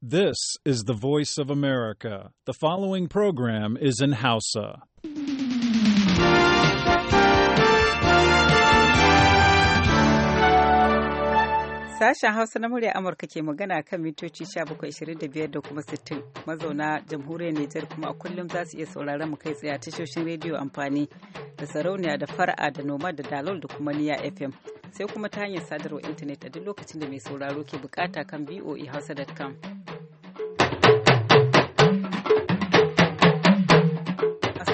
This is the voice of America. The following program is in Hausa. Sashen Hausa na murya Amurka ke magana kan mitoci 1725 da kuma 60 mazauna jamhuriyar Nijar kuma a kullum za su iya sauraron mu kai tsaye a tashoshin rediyo amfani da sarauniya da fara'a da noma da dalol da kuma niya FM. Sai kuma ta hanyar sadarwar intanet a duk lokacin da mai sauraro ke bukata kan voahausa.com.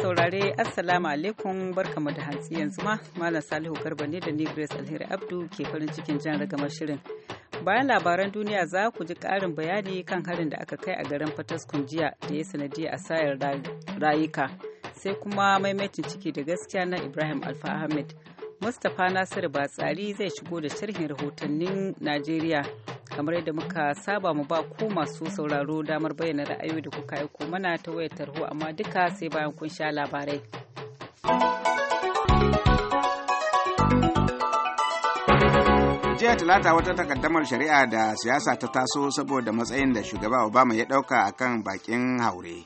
saurare assalamu alaikum barkamu da hantsi yanzu ma malam salihu garba ne da ni grace alheri abdu ke farin cikin jan ragamar shirin bayan labaran duniya za ku ji karin bayani kan harin da aka kai a garin fataskun jiya da ya sanadiyar asayar rayuka sai kuma maimaitin ciki da gaskiya na ibrahim alfa ahmed mustapha nasiru batsari zai shigo da sharhin rahotannin najeriya kamar yadda muka saba mu ba ku masu sauraro damar bayyana ra'ayoyi da kuka aiko mana ta wayar tarho amma duka sai bayan kun sha labarai. jiya talata wata takaddamar shari'a da siyasa ta taso saboda matsayin da shugaba obama ya ɗauka kan bakin haure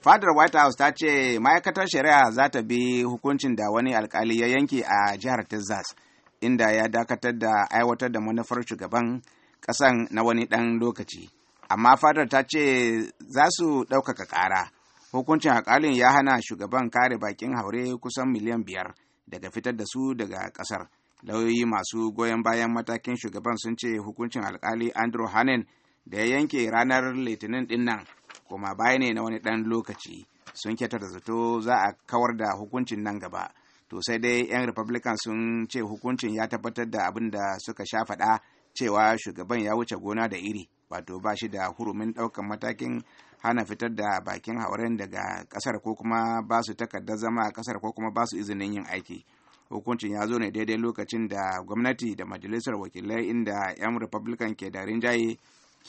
fadar white house ta ce ma'aikatar shari'a za ta bi hukuncin da wani alkali ya yanke a jihar texas inda ya dakatar da aiwatar da manufar shugaban kasan na wani ɗan lokaci amma fadar ta ce za su ɗaukaka ƙara hukuncin alkalin ya hana shugaban kare bakin haure kusan miliyan biyar daga fitar da su daga ƙasar lauyoyi masu goyon bayan matakin shugaban sun ce hukuncin alkali andrew hanen da ya yanke ranar litinin ɗin nan kuma baya ne na wani ɗan lokaci sun kyatar da zato za a kawar da hukuncin nan gaba to sai dai 'yan republican sun ce hukuncin ya tabbatar da abin da suka sha faɗa cewa shugaban ya wuce gona da iri wato ba shi da hurumin ɗaukan matakin hana fitar da bakin hauren daga ƙasar ko kuma ba su takardar zama a kasar ko kuma ba su izinin yin aiki hukuncin ya zo ne daidai lokacin da gwamnati da majalisar wakilai inda 'yan republican ke da rinjaye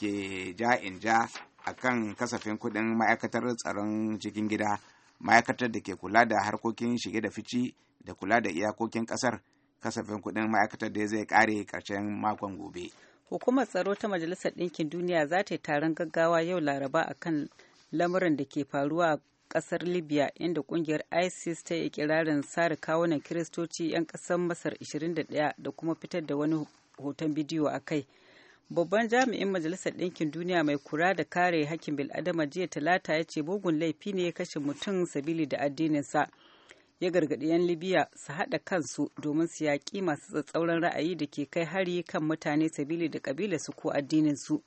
ke ja in ja a kan kasafin kuɗin ma'aikatar tsaron cikin gida ma'aikatar da ke kula da harkokin shige da fici da kula da iyakokin ƙasar kasafin kudin ma'aikatar da zai kare karshen makon gobe. Hukumar tsaro ta Majalisar Ɗinkin Duniya za ta yi taron gaggawa yau Laraba a kan lamurin da ke faruwa a ƙasar Libya inda ƙungiyar ISIS ta yi ikirarin sare kawunan Kiristoci 'yan ƙasar Masar 21 da kuma fitar da wani hoton bidiyo a kai. Babban jami'in Majalisar Ɗinkin Duniya mai kura da kare hakkin bil'adama jiya talata ya ce bugun laifi ne ya kashe mutum sabili da addininsa. sa. ya gargaɗi 'yan libya su haɗa kansu domin su yaƙi masu tsatsauran ra'ayi da ke kai hari kan mutane sabili da su ko addininsu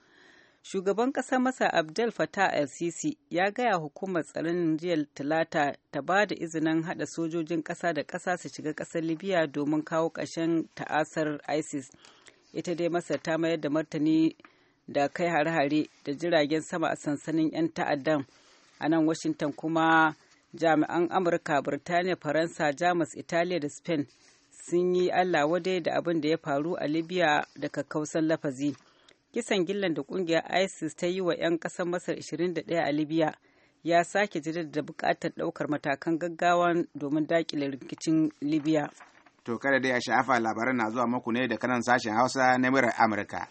shugaban ƙasar masa abdel fatah el-sisi ya gaya hukumar tsaron jiya talata ta ba da izinin haɗa sojojin ƙasa da ƙasa su shiga ƙasar libya domin kawo ƙarshen ta'asar isis ita dai masar ta mayar da martani da kai hare-hare da jiragen sama a sansanin 'yan ta'addan a nan washington kuma jami'an amurka birtaniya faransa jamus italiya da spain sun yi allah wadai da abin da ya faru a libya da kakkausan lafazi kisan gillan da kungiyar isis ta yi wa 'yan kasar masar 21 a libya ya sake da bukatar daukar matakan gaggawa domin dakile rikicin libya to kada dai a sha'afa labaran na zuwa muku ne da kanan sashen hausa na murar amurka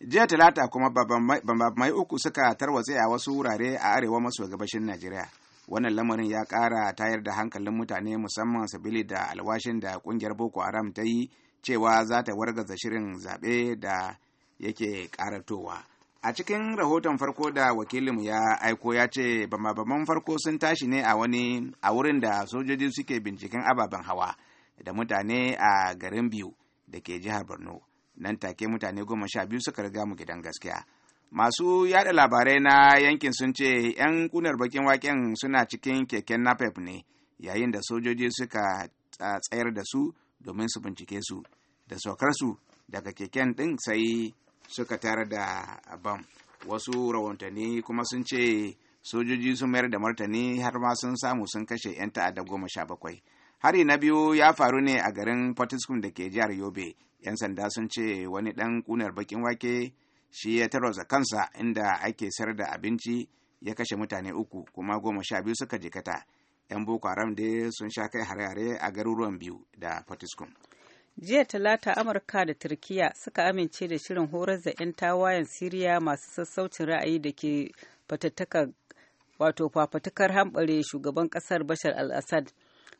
jiya talata kuma bambamai uku suka tarwatse a wasu wurare a arewa maso gabashin najeriya wannan lamarin ya ƙara tayar da hankalin mutane musamman sabili da alwashin da ƙungiyar boko haram ta yi cewa za ta wargaza shirin zaɓe da yake karatowa a cikin rahoton farko da wakilinmu ya aiko ya ce bama-baman farko sun tashi ne a wani a wurin da sojoji suke binciken ababen hawa da mutane a garin biyu da ke jihar borno nan take mutane goma sha biyu suka riga mu gidan gaskiya masu yada labarai na yankin sun ce 'yan kunar bakin waken suna cikin keken napep ne yayin da sojoji suka tsayar da su domin su bincike su da saukarsu daga keken ɗin sai suka tare da bam wasu rahotanni kuma sun ce sojoji sun mayar da martani har ma sun samu sun kashe 'yan ta'adda goma sha bakwai hari na biyu ya faru ne a garin fatiskum da ke jihar yobe 'yan sanda sun ce wani ɗan kunar bakin wake shi ya tarwatsa kansa inda ake sayar da abinci ya kashe mutane uku kuma goma sha biyu suka jikata 'yan boko haram dai sun sha kai hare-hare a garuruwan biyu da fatiskum jiya talata amurka da turkiya suka amince da shirin horar da 'yan tawayen siriya masu sassaucin ra'ayi da ke wato fafatukar hambare shugaban kasar bashar al-assad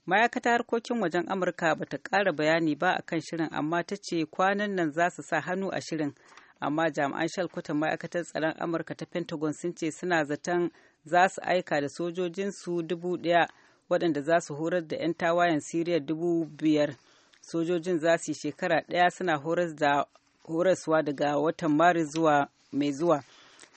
ma'aikata harkokin wajen amurka bata ta ƙara bayani ba akan shirin amma ta ce kwanan nan za su sa hannu a shirin amma jami'an shalkwatan ma'aikatar tsaron amurka ta pentagon sun ce suna zaton za su aika da sojojinsu dubu daya waɗanda za su horar da 'yan tawayen siriya dubu biyar sojojin za su yi shekara daya suna horaswa daga watan maris zuwa mai zuwa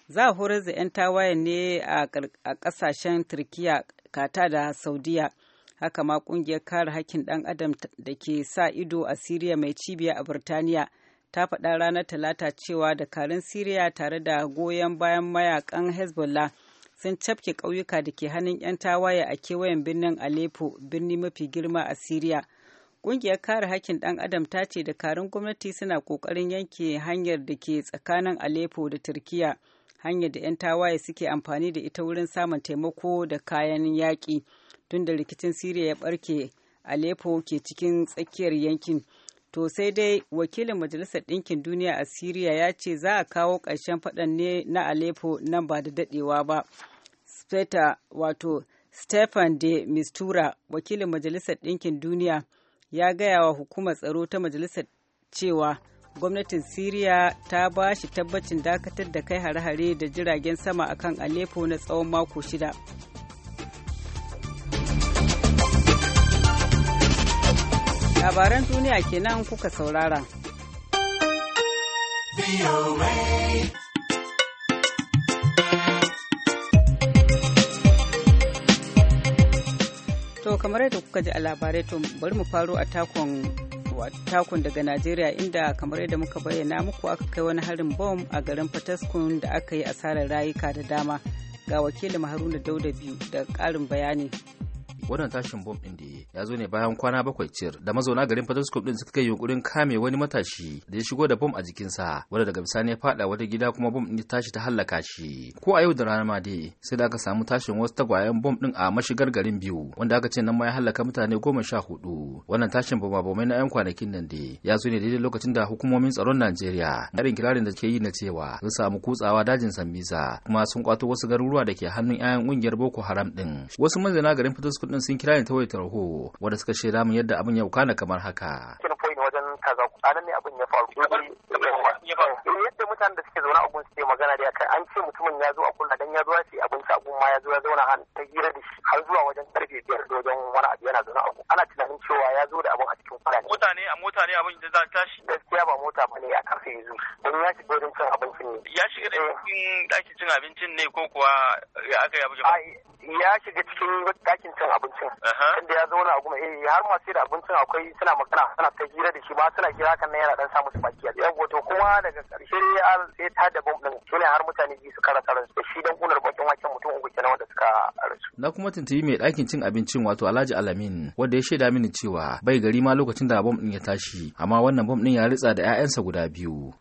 za a horar da 'yan tawayen ne a ƙasashen turkiya kata da saudiya haka ma ƙungiyar kare haƙƙin ɗan adam da ke sa ido a siriya mai cibiya a burtaniya ta faɗa ranar talata cewa dakarun siriya tare da goyon bayan mayakan hezbollah sun cafke ƙauyuka da ke hannun 'yan tawaye a kewayen birnin aleppo birni mafi girma a siriya ƙungiyar kare hakkin ɗan adam ta ce dakarun gwamnati suna ƙoƙarin yanke hanyar da ke tsakanin aleppo da turkiya hanyar da 'yan tawaye suke amfani da ita wurin samun taimako da kayan yaƙi tunda rikicin siriya ya ɓarke aleppo ke cikin tsakiyar yankin To sai dai wakilin Majalisar Ɗinkin Duniya a Siriya ya ce za a kawo ƙarshen faɗan ne na Aleppo nan ba da daɗewa ba. Speta wato Stefan de Mistura wakilin Majalisar Ɗinkin Duniya ya gaya wa hukumar tsaro ta Majalisar cewa gwamnatin Siriya ta ba shi tabbacin dakatar da kai hare-hare da jiragen sama akan Aleppo na tsawon mako shida. labaran duniya kenan kuka saurara. To kamar yadda kuka ji a labarai to bari mu faro a takon takun daga Najeriya inda kamar yadda muka bayyana muku aka kai wani harin bom a garin Fataskun da aka yi asarar rayuka da dama. Ga wakilin Haruna Dauda biyu da ƙarin bayani. Wannan tashin bom ɗin da ya zo ne bayan kwana bakwai cir da mazauna garin Fataskum din suka yi yunkurin kame wani matashi da ya shigo da bom a jikinsa wanda daga bisani ya fada wata gida kuma bom din ya tashi ta hallaka shi ko a yau da rana ma dai sai da aka samu tashin wasu tagwayen bom din a mashigar garin biyu wanda aka ce nan ma ya hallaka mutane goma sha hudu wannan tashin bama bomai na 'yan kwanakin nan dai ya zo ne daidai lokacin da hukumomin tsaron Najeriya irin kirarin da ke yi na cewa sun samu kutsawa dajin Sambisa kuma sun kwato wasu garuruwa da ke hannun 'ya'yan kungiyar Boko Haram din wasu mazauna garin Fataskum din sun kira ne ta wayar tarho wanda suka shaida min yadda abin ya kana kamar haka. mutanen da suke zaune a gun suke magana da kai an ce mutumin ya zo a kula dan ya zo ya ci abinci a gun ma ya zo ya zauna han ta hira da shi har zuwa wajen karfe biyar da wajen wani abu yana zaune a gun ana tunanin cewa ya zo da abin a cikin kwana ne. Mota ne a mota ne abin da za ta tashi. Gaskiya ba mota ba ne a karfe yanzu don ya shiga wajen cin abincin ne. Ya shiga da eh. cikin ɗakin cin abincin ne ko kuwa ya aka yi abu ya shiga cikin ɗakin cin abincin. Tunda ya zauna a gun eh har masu da abincin akwai suna magana suna ta hira da shi ba suna kira kan nan yana dan samu su baki. Yawwa to kuma daga ƙarshe ar sai ta da bom din ne har mutane biyu su kara ransu da shi dan kunar bakin waken mutum uku kenan wanda suka rasu na kuma tuntubi mai ɗakin cin abincin wato Alhaji Alamin wanda ya shaida mini cewa bai gari ma lokacin da bom din ya tashi amma wannan bom din ya ritsa da 'ya'yansa guda biyu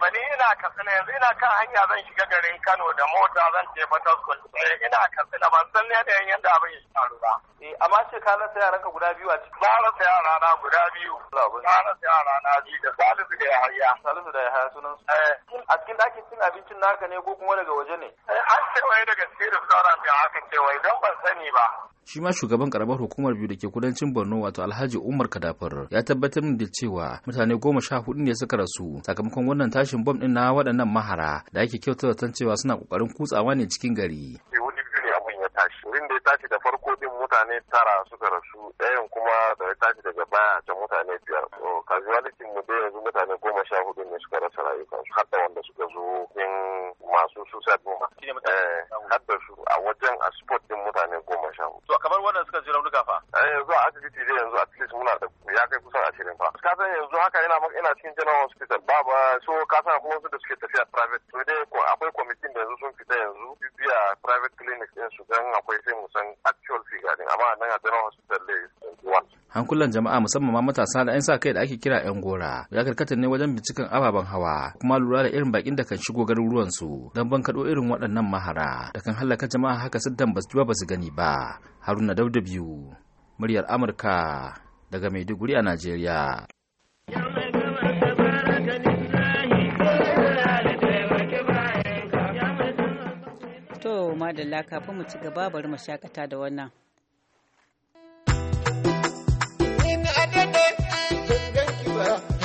ba ni ina katsina yanzu ina kan hanya zan shiga garin Kano da mota zan je sai eh, ina katsina ban san ne da da abin ya faru ba eh amma shi ka rasa yaran ka guda biyu a ciki na rasa yara na guda biyu na rasa yara na biyu da Salisu da Yahaya Salisu da Yahaya sunan su eh. a cikin ɗakin cin abincin naka ne ko kuma daga waje ne eh, an ce wai daga cikin restaurant da aka ce wai don ban sani ba shi ma shugaban karamar hukumar biyu da ke kudancin borno wato alhaji umar kadafar ya tabbatar min da cewa mutane goma sha hudu ne suka rasu sakamakon wannan tashin bom din na waɗannan mahara da ake kyautata cewa suna ƙoƙarin kutsawa ne cikin gari tashi wurin da ya tashi da farko din mutane tara suka rasu ɗayan kuma da ya tashi daga baya can mutane biyar casualty mu dai yanzu mutane goma sha hudu ne suka rasa rayukansu har da wanda suka zo in masu suicide bomber eh, har da su a wajen a spot din mutane goma sha hudu wanda suka ji raunuka fa yanzu a asibiti dai yanzu at least muna da ya kai kusan ashirin fa ka san yanzu haka ina ina cikin general hospital ba ba so ka san kuma su da suke tafiya private to dai hankulan jama'a musamman ma matasa da 'yan sa kai da ake kira 'yan gora ya karkata ne wajen binciken ababen hawa kuma lura da irin bakin da kan shigo garuruwan su don ban bankaɗo irin waɗannan mahara da kan hallaka jama'a haka siddan ba su ba su gani ba haruna dauda biyu muryar amurka daga maiduguri a najeriya To, madalla kafin mu ci gaba bari mu shakata da wannan. Yeah.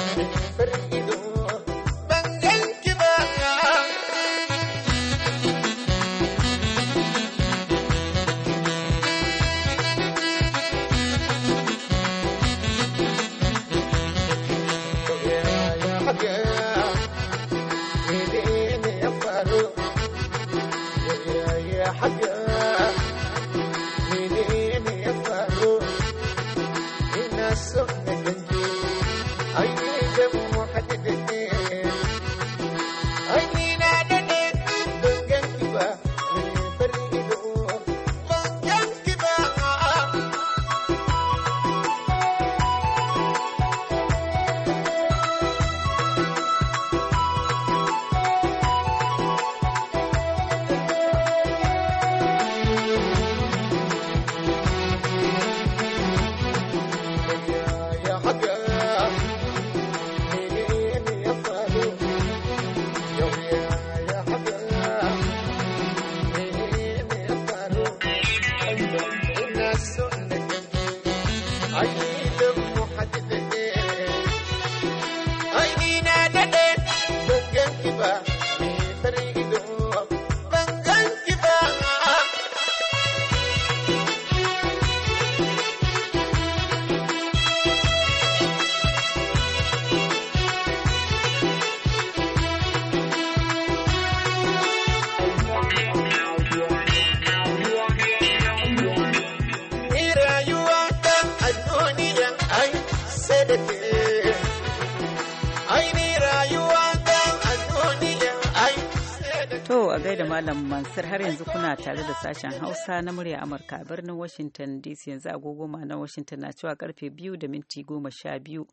Nasir har yanzu kuna tare da sashen Hausa na murya Amurka birnin Washington DC yanzu agogo na Washington na cewa karfe biyu da minti goma sha biyu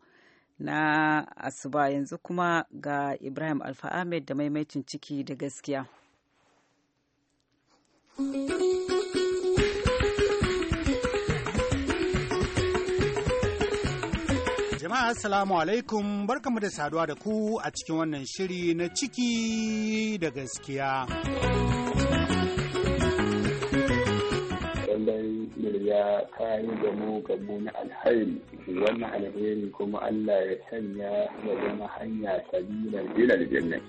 na asuba yanzu kuma ga Ibrahim Alfa Ahmed da maimaitin ciki da gaskiya. Jama'a Assalamu alaikum barkamu da saduwa da ku a cikin wannan shiri na ciki da gaskiya. lallai ya kayi da mu ga muni alhairi wannan alheri kuma Allah ya sanya ya zama hanya sabilan ilal jannah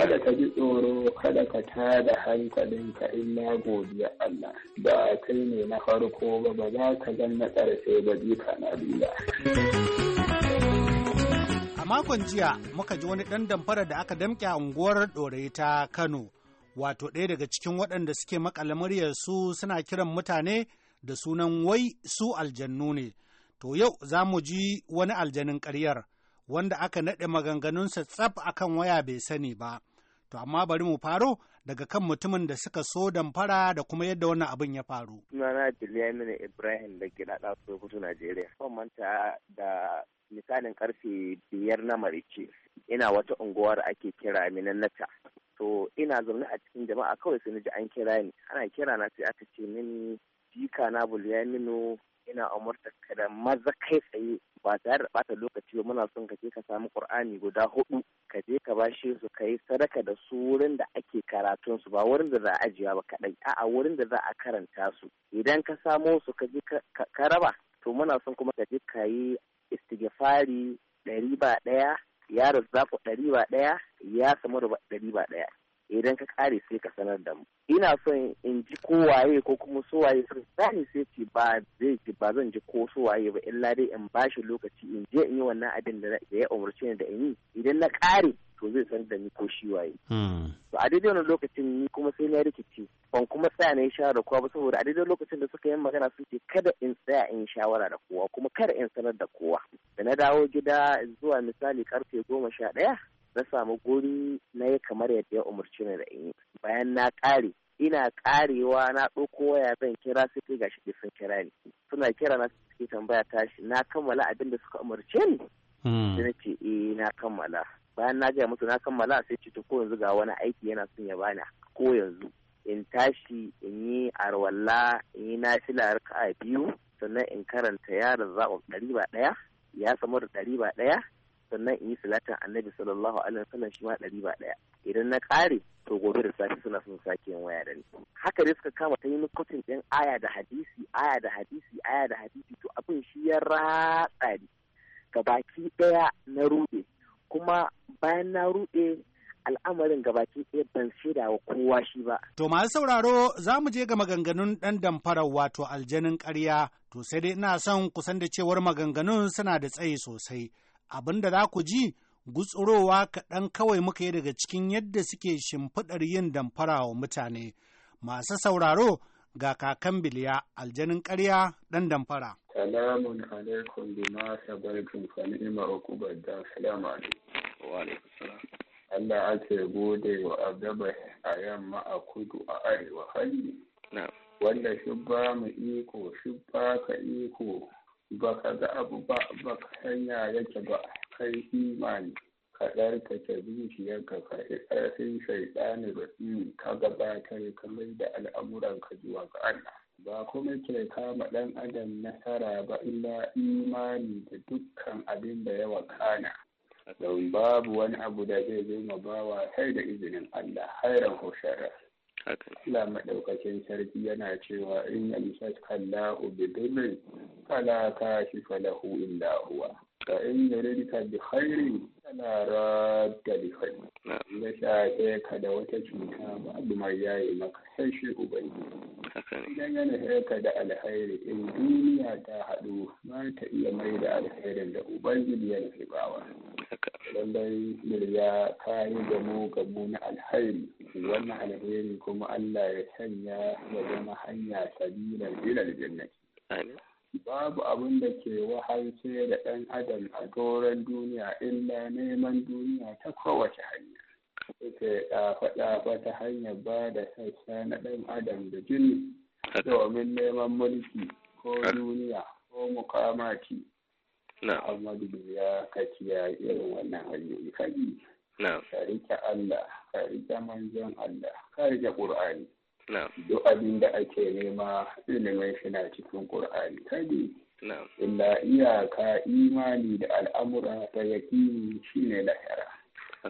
kada ka ji tsoro kada ka tada hankalinka illa godiya Allah ba kai ne na farko ba ba za ka zan na ƙarshe ba jika na bila. A makon jiya muka ji wani ɗan damfara da aka damƙe a unguwar ɗoraita Kano. wato ɗaya daga cikin waɗanda suke makale su suna kiran mutane da sunan wai su aljannu ne. To yau za mu ji wani aljanin ƙaryar wanda aka naɗe maganganunsa tsaf akan waya bai sani ba. To amma bari mu faro daga kan mutumin da suka so damfara da kuma yadda wannan abin ya faru. Sunana Bilyamina Ibrahim da gida ɗaso kudu Najeriya. Ban manta da misalin karfe biyar na marice ina wata unguwar ake kira Minannata. To ina zaune a cikin jama'a kawai sai na ji an kira ni ana kira na sai aka ce mini jika na bulyamino ina umarta ka da maza kai tsaye ba tare da bata lokaci ba muna son ka je ka samu qur'ani guda hudu ka je ka bashe su ka yi sadaka da su wurin da ake karatun su ba wurin da za a ajiya ba kadai a'a wurin da za a karanta su idan ka samo su ka je ka raba to muna son kuma ka je ka yi istighfari ɗari ba ɗaya ya ku ɗari ba ɗaya ya samu da ɗari ba ɗaya idan ka kare sai ka sanar da mu ina son in ji ko waye ko kuma so waye sun sani sai ce ba zai ce ba zan ji ko so waye ba illa dai in bashi lokaci in je in yi wannan abin da ya umarci ni da in yi idan na kare to zai san da ni ko shi waye. Hmm. To a daidai wani lokacin ni kuma sai na rikici ban kuma tsaya na yi shawara da kowa ba saboda a daidai lokacin da suka yi magana sun ce kada in tsaya in yi shawara da kowa kuma kada in sanar da kowa. Da na dawo gida zuwa misali karfe goma sha ɗaya na samu guri na yi kamar yadda ya umarci ni da in yi bayan na ƙare ina karewa na ɗauko waya zan kira sai kai gashi sun kira ni suna kira na suke tambaya tashi na kammala abin da suka umarce ni hmm. sai na ce eh na kammala bayan na gaya musu na kammala sai ce ko yanzu ga wani aiki yana son ya bani ko yanzu in tashi in yi arwalla in yi nafila a biyu sannan in karanta yaron zaɓa ɗari ba ɗaya ya samu da ɗari ba ɗaya sannan in yi salatin annabi sallallahu alaihi wasallam shi ma ɗari ba ɗaya idan na ƙare to gobe da safe suna son sake yin waya da ni haka dai suka kama ta yi nukotin ɗin aya da hadisi aya da hadisi aya da hadisi to abin shi ya ratsa ni baki ɗaya na rude kuma bayan na ruɗe al'amarin gabaki ɗaya ban shaida wa kowa shi ba. To masu sauraro za mu je ga maganganun ɗan damfarar wato aljanin ƙarya to sai dai ina son kusan da cewar maganganun suna da tsayi sosai abin da za ku ji gutsurowa kaɗan kawai muka yi daga cikin yadda suke shimfiɗar yin damfara wa mutane. Masu sauraro ga kakan biliya aljanin ƙarya ɗan damfara. Salamun alaikum bi ma sabartum fa ni'ma uqubad da salamu alaikum wa alaikum salam. Allah ake gode wa azaba a yamma a kudu a arewa hannu. Wanda shi ba mu iko shi ba ka iko ba ka ga abu ba ba ka hanya yake ba kai imani. ka ta zuciyarka ka ƙarfin shaiɗani rajim ka gabatar ka mai da al'amuran ka zuwa ga Allah. Ba kuma ke kama ɗan adam nasara ba illa imani da dukkan abin da ya wakana. Don babu wani abu da zai zo ma bawa sai da izinin Allah hairan hushara Allah maɗaukacin sarki yana cewa in ya Allahu bi dhurrin falaka shi falahu illa huwa. in yuridka bi tana radda bi khairin ya shafe ka da wata cuta babu mai yayi maka sai shi idan yana nufe ka da alkhairi in duniya ta haɗu ba ta iya mai da alkhairin da ubangiji ya nufi bawa lallai ka yi da mu gamu na alkhairi wannan alkhairi kuma Allah ya sanya ya zama hanya sabilar ilal jannati babu abin da ke wahalce da ɗan adam a doron duniya illa neman duniya ta kowace hanya suke ɗafa ɗafa ta hanyar ba da sassa na ɗan adam da jini domin neman mulki ko duniya ko mukamaki Muhammadu ya kaci ya irin wannan hanyoyi kaji ka rike Allah ka rike manzon Allah ka rike duk abin da ake nema ilimin shi na cikin ƙur'ani kadi illa iyaka imani da al'amura ta yaki shi ne lahira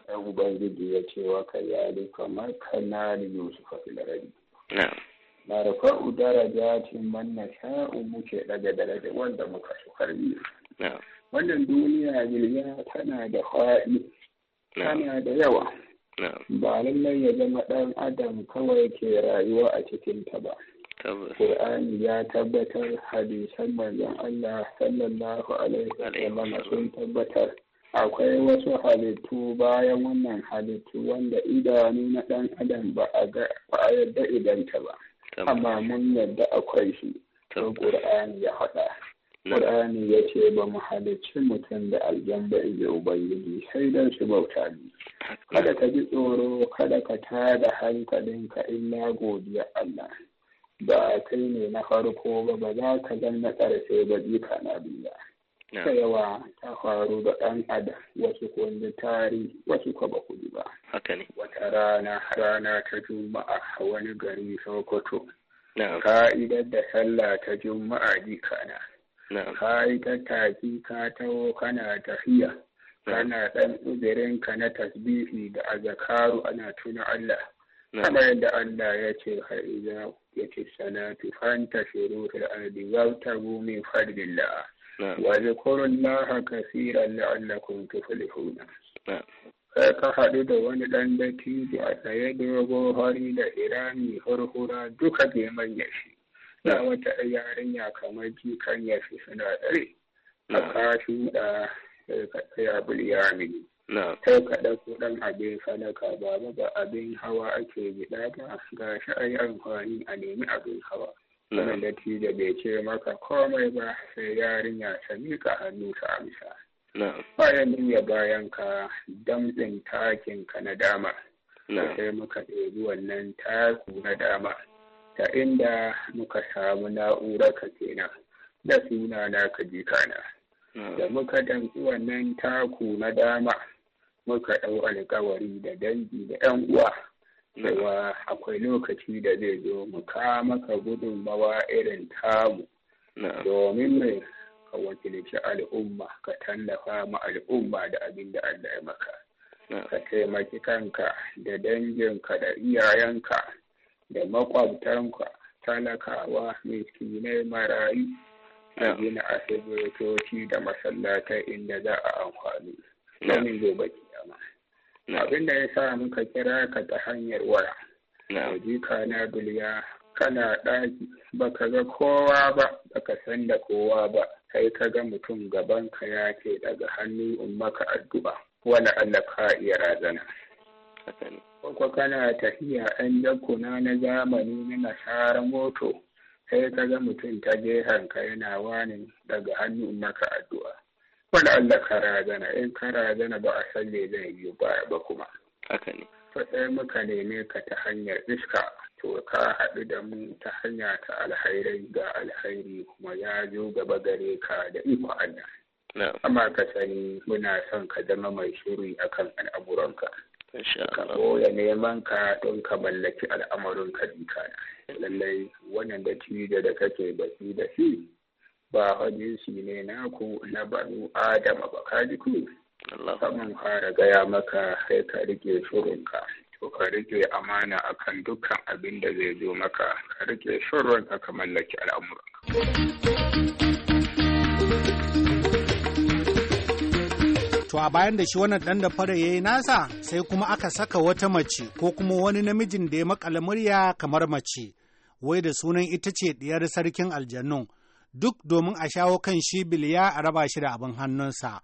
sai ubangiji ya ce wa ka yare kamar kana da yusuf a filarari na rufa'u darajatin man manna sha'u muke daga daraja wanda muka su karbi wannan duniya jirya tana da fa'i tana da yawa ba lallai ya zama ɗan adam kawai ke rayuwa a cikin ta ba Qur'ani ya tabbatar hadisan manzon Allah sallallahu alaihi wasallam sun tabbatar akwai wasu halittu bayan wannan halittu wanda idanu na ɗan adam ba a ga ba a yadda idanta ba amma mun yadda akwai shi to Qur'ani ya faɗa ƙur'ani ya ce ba mu halicci mutum da aljan da inji Ubangiji sai don su bauta ne. Kada ka ji tsoro kada ka da hankalinka illa godiya Allah. Ba a kai ne na farko ba ba za ka zan na ƙarshe ba jika na biya. Ta yawa ta faru da ɗan adam wasu kun tari wasu ka ba ku ba. Wata rana rana ta juma'a a wani gari Sokoto. Ka'idar da sallah ta juma'a jikana. ka yi tattaki ka taho kana tafiya kana ɗan uzurin ka na tasbihi da azakaru ana tuna Allah kamar yadda Allah ya ce har ya ce salatu fanta shiru fil ardi wabtagu min fadlillah wa zkurullaha kaseeran la'allakum tuflihuna sai ka haɗu da wani ɗan dattijo a tsaye dogon hari da irami hurhura duka bai yashi. ga wata yarinya kamar jikan ya fi suna dare. a kashi da ya ya mini sai ka ɗauko abin sadaka ba ba abin hawa ake gida ba ga shi a amfani a nemi abin hawa wanda da bai ce maka komai ba sai yarinya ta miƙa hannu ta amsa bayan ya bayan ka damɗin takin ka na dama sai muka ɗebi wannan taku na dama ta inda muka samu na'urarka kenan da suna na kajikana hmm. da muka damtsi wannan taku na dama muka ɗau alkawari da dangi da 'yan uwa hmm. cewa akwai lokaci da zai zo mu ka maka gudunmawa irin tamu domin mai ka wakilci al'umma ka tallafa ma al'umma da abin da Allah ya maka ka taimaki kanka da danginka da iyayenka da makwabtanka talakawa miskinai marayu a gina asibitoci da masallatai inda za a amfani sanin gobe kiyama abin da ya sa muka kira ka ta hanyar waya jika na biliya kana ɗaki baka ga kowa ba baka san da kowa ba kai ka ga mutum gaban ka ya ke daga hannu in maka addu'a wani Allah ka iya razana ko kana tafiya ɗan jakuna na zamani na nasarar moto sai ka ga mutum ta je yana wani daga hannun maka addu'a wanda Allah ka razana in ka razana ba a san zai yi baya ba kuma haka ne muka neme ka ta hanyar iska to ka haɗu da mu ta hanya ta alhairai ga alhairi kuma ya zo gaba gare ka da iko Allah amma ka sani muna son ka zama mai shiri akan al'amuranka ka ɓoye neman ka don ka mallaki al'amarin ka duka lallai wannan da da kake baki da shi ba hadisi ne naku na banu adama ba ka ji ku saman fara gaya maka sai ka rike ka. to ka rike amana akan dukkan abin da zai zo maka ka rike shirin ka mallaki al'amuranka To a bayan da shi wannan dan da fara yi nasa sai kuma aka saka wata mace ko kuma wani namijin da ya makala murya kamar mace wai da sunan ita ce ɗiyar sarkin aljannun duk domin a shawo kan shi biliya a raba shi da abin hannunsa.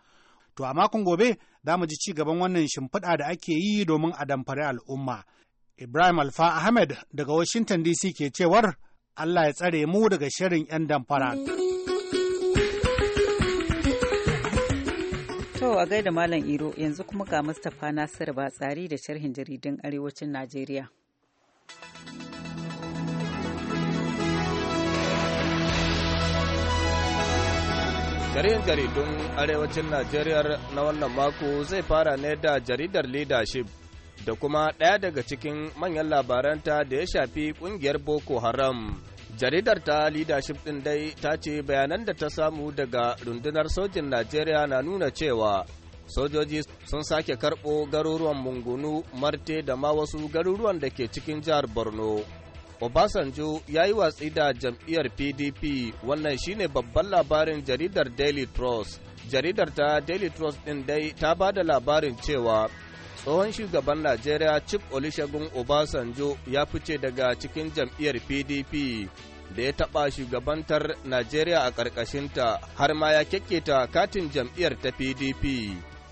To a makon gobe za mu ji ci gaban wannan shimfiɗa da ake yi domin a damfari al'umma. Ibrahim Alfa Ahmed daga Washington DC ke cewar Allah ya tsare mu daga shirin 'yan damfara. To a gaida Malam Iro yanzu kuma ga Mustapha Nasiru tsari da sharhin jaridun Arewacin Najeriya. Sharhin jaridun Arewacin Najeriya na wannan mako zai fara ne da jaridar Leadership da kuma ɗaya daga cikin manyan labaranta da ya shafi ƙungiyar Boko Haram. jaridar ta leadership ɗin dai ta ce bayanan da ta samu daga rundunar sojin najeriya na nuna cewa sojoji sun sake karɓo garuruwan mungunu marte da ma wasu garuruwan da ke cikin jihar borno obasanjo ya yi watsi da jam'iyyar pdp wannan shine babban labarin jaridar daily trust jaridar ta daily trust ɗin dai ta ba da labarin cewa tsohon shugaban najeriya chief olusegun obasanjo ya fice daga cikin jam'iyyar pdp da ya taɓa shugabantar najeriya a ƙarƙashinta har ma ya kyakketa katin jam'iyyar ta pdp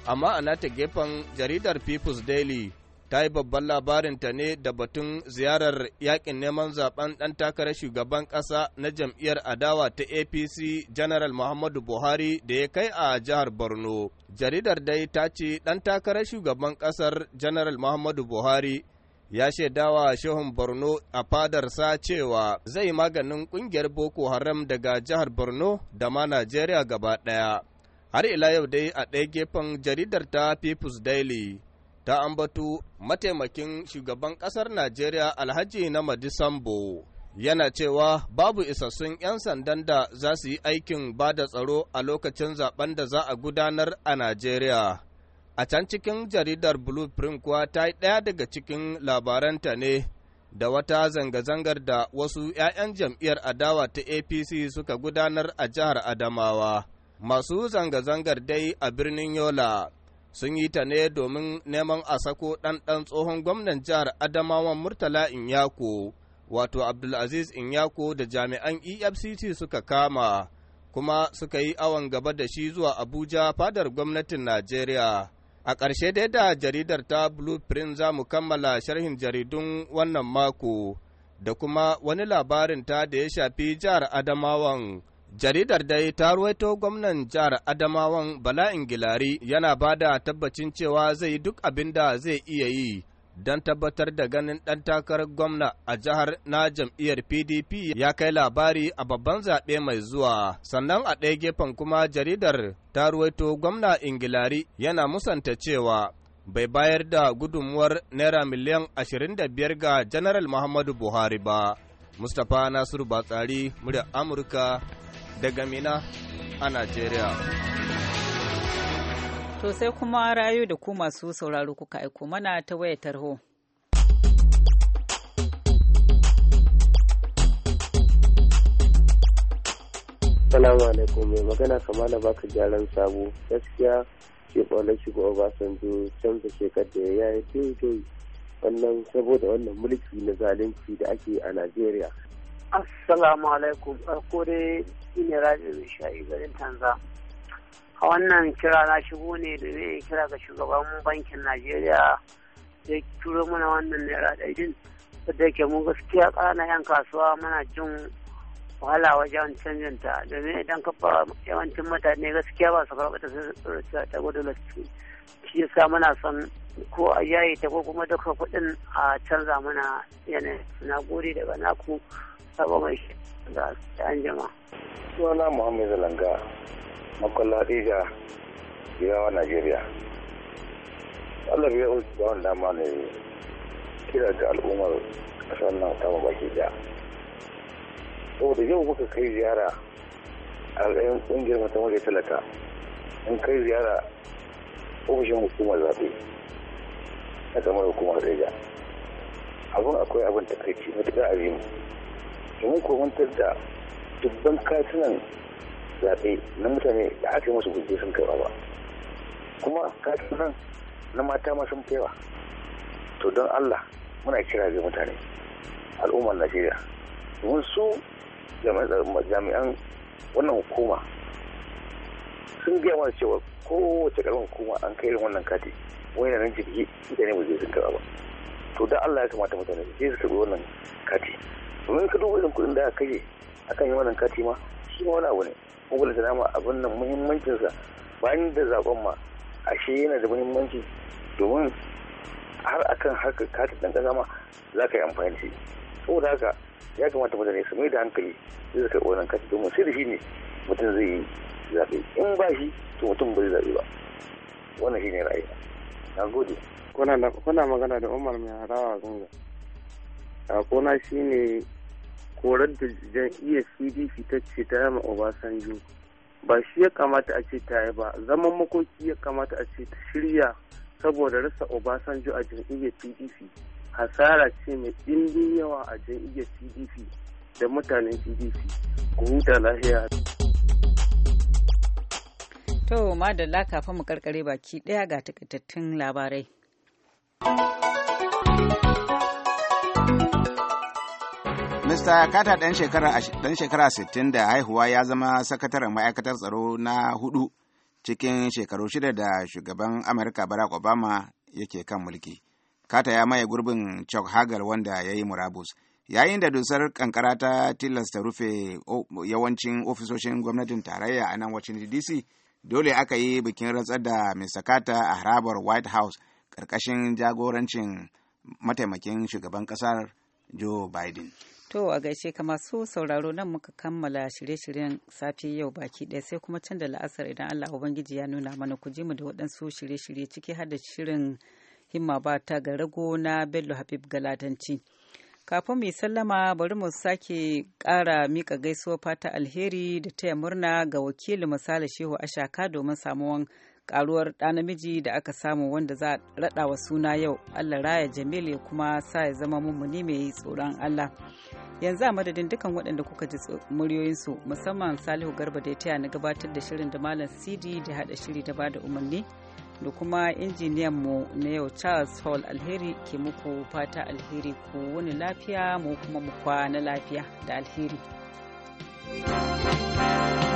amma a nata gefen jaridar people's daily ta yi babban labarinta ne da batun ziyarar yakin neman zaben ɗan takarar shugaban ƙasa na jam'iyyar adawa ta apc general muhammadu buhari da ya kai a jihar borno jaridar dai ta ce ɗan takarar shugaban ƙasar general muhammadu buhari ya shaidawa shehun borno a fadarsa cewa zai maganin ƙungiyar boko haram daga jihar borno da ma najeriya gaba ɗaya har ila yau dai a ɗaya gefen jaridar ta people's daily ta ambatu mataimakin shugaban ƙasar Najeriya Alhaji na Madisambo yana cewa babu isassun 'yan sandan da za su yi aikin ba da tsaro a lokacin zaben da za a gudanar a Najeriya. A can cikin jaridar Blueprint kuwa ta yi ɗaya daga cikin labaranta ne da wata zanga-zangar da wasu 'ya'yan jam'iyyar adawa ta APC suka gudanar a jihar Adamawa. Masu zanga-zangar dai a birnin Yola sun yi ta ne domin neman a sako ɗanɗan tsohon gwamnan jihar Adamawan Murtala Inyako, wato Abdulaziz Inyako da jami'an EFCC suka kama, kuma suka yi awon gaba da shi zuwa Abuja fadar gwamnatin Najeriya. A ƙarshe dai da jaridar ta Blueprint za mu kammala sharhin jaridun wannan mako da kuma wani labarin ta da ya shafi jihar Adamawan. Jaridar dai ta ruwaito gwamnan jihar Adamawan Bala Ingilari yana ba da tabbacin cewa zai yi duk abin da zai iya yi don tabbatar da ganin ɗan takarar gwamna a jihar na jam'iyyar PDP ya kai labari a babban zaɓe mai zuwa. Sannan a ɗaya gefen kuma jaridar ta ruwaito gwamna Ingilari yana musanta cewa bai bayar da gudunmuwar naira miliyan 25 ga General Muhammadu Buhari ba. Mustapha Nasiru Batsari, murya Amurka daga Mina a Najeriya. To sai kuma rayu da ku masu sauraro kuka aiko mana ta wayar tarho. Salamu alaikum mai magana kamala baka gyaran sabo gaskiya ke ɓaunar shiga Obasanjo canza shekar da ya yi wannan saboda wannan mulki na zalunci da ake a Najeriya. Assalamu alaikum farko dai ne rajin mai garin Tanza. A wannan kira na shigo ne domin in kira ga shugaban bankin Najeriya da turo mana wannan naira ɗari da ke mu gaskiya ƙana yan kasuwa muna jin wahala wajen canjinta domin idan ka ba yawancin mutane gaskiya ba su karɓa ta ta gudu su shi yasa muna son ko a yayi ta ko kuma duka kuɗin a canza mana yanayin na gode daga naku saba mai shi da an jama. Suna Muhammad Zalanga, makwallo Hadija, Yawa Najeriya. Allah ya wuce ba wani dama ne kira ga al'ummar ƙasar nan ta ma baki da. Saboda yau muka kai ziyara a ƙarƙashin ƙungiyar mata mai talaka, in kai ziyara ofishin hukumar zaɓe na kamar hukumar Rija. abin akwai abin takaici matuƙa azimu. domin komantar da dubban katunan zaɓe na mutane da aka yi musu guje sun karɓa ba kuma katunan na mata ma sun fewa to don allah muna kira ga mutane al'ummar najeriya domin su jami'an wannan hukuma sun gaya mana cewa kowace karamar hukuma an kai irin wannan kati wani na nan jirgi mutane ba zai sun karɓa ba to don allah ya kamata mutane su je su karɓi wannan kati domin ka duba irin kuɗin da aka kashe akan yi wannan kati ma shi ma wani abu ne kuma da dama abin nan muhimmancinsa bayan da zaɓen ma ashe yana da muhimmanci domin har akan haka katin ɗan ƙasa ma za ka yi amfani da shi saboda haka ya kamata mutane su mai da hankali zai zaka wannan kati domin sai da shi ne mutum zai yi zaɓe in ba shi to mutum bai zaɓe ba wannan shi ne ra'ayi na gode kuna magana da umar mai harawa gunga a kona shi ne korar da iya cdp ta ce ta yama obasanjo ba shi ya kamata a ce ta yi ba zaman makoki ya kamata a ce ta shirya saboda rasa obasanjo a jam'iyyar pdp hasara ce mai ɗimbin yawa a jam'iyyar pdp da mutanen pdp ku huta lahiya to madalla kafin mu karkare baki daya ga takaitattun labarai Barista Kata ɗan shekara 60 da haihuwa ya zama sakataren ma'aikatar tsaro na hudu cikin shekaru shida da shugaban Amurka Barack Obama yake kan mulki. Kata ya maye gurbin Chuck Hagel wanda ya yi murabus. Yayin da dusar kankara ta tilasta rufe yawancin ofisoshin gwamnatin tarayya a nan Washington DC, dole aka yi bikin rantsar da Mr. Kata a harabar White House ƙarƙashin jagorancin mataimakin shugaban ƙasar Joe Biden. To a gaishe ka masu sauraro nan muka kammala shirye-shiryen safi yau baki ɗaya sai kuma can da la'asar idan Allah Ubangiji ya nuna mana ku ji mu da waɗansu shirye-shirye ciki har da shirin himma ba ta ga rago na Bello Habib Galadanci. Kafin mu sallama bari mu sake ƙara mika gaisuwa fata alheri da taya murna ga wakilin misali Shehu Ashaka domin samuwan karuwar ɗa namiji da aka samu wanda za a raɗa wa suna yau allah raya jamil ya kuma sa ya zama mummuni mai tsoron allah yanzu a madadin dukan waɗanda kuka ji muryoyinsu musamman salihu garba da ya taya na gabatar da shirin da malam cd da haɗa shiri da bada umarni da kuma injiniyan mu na yau charles hall alheri ke muku fata alheri ku wani lafiya mu kuma mu kwana lafiya da alheri thank you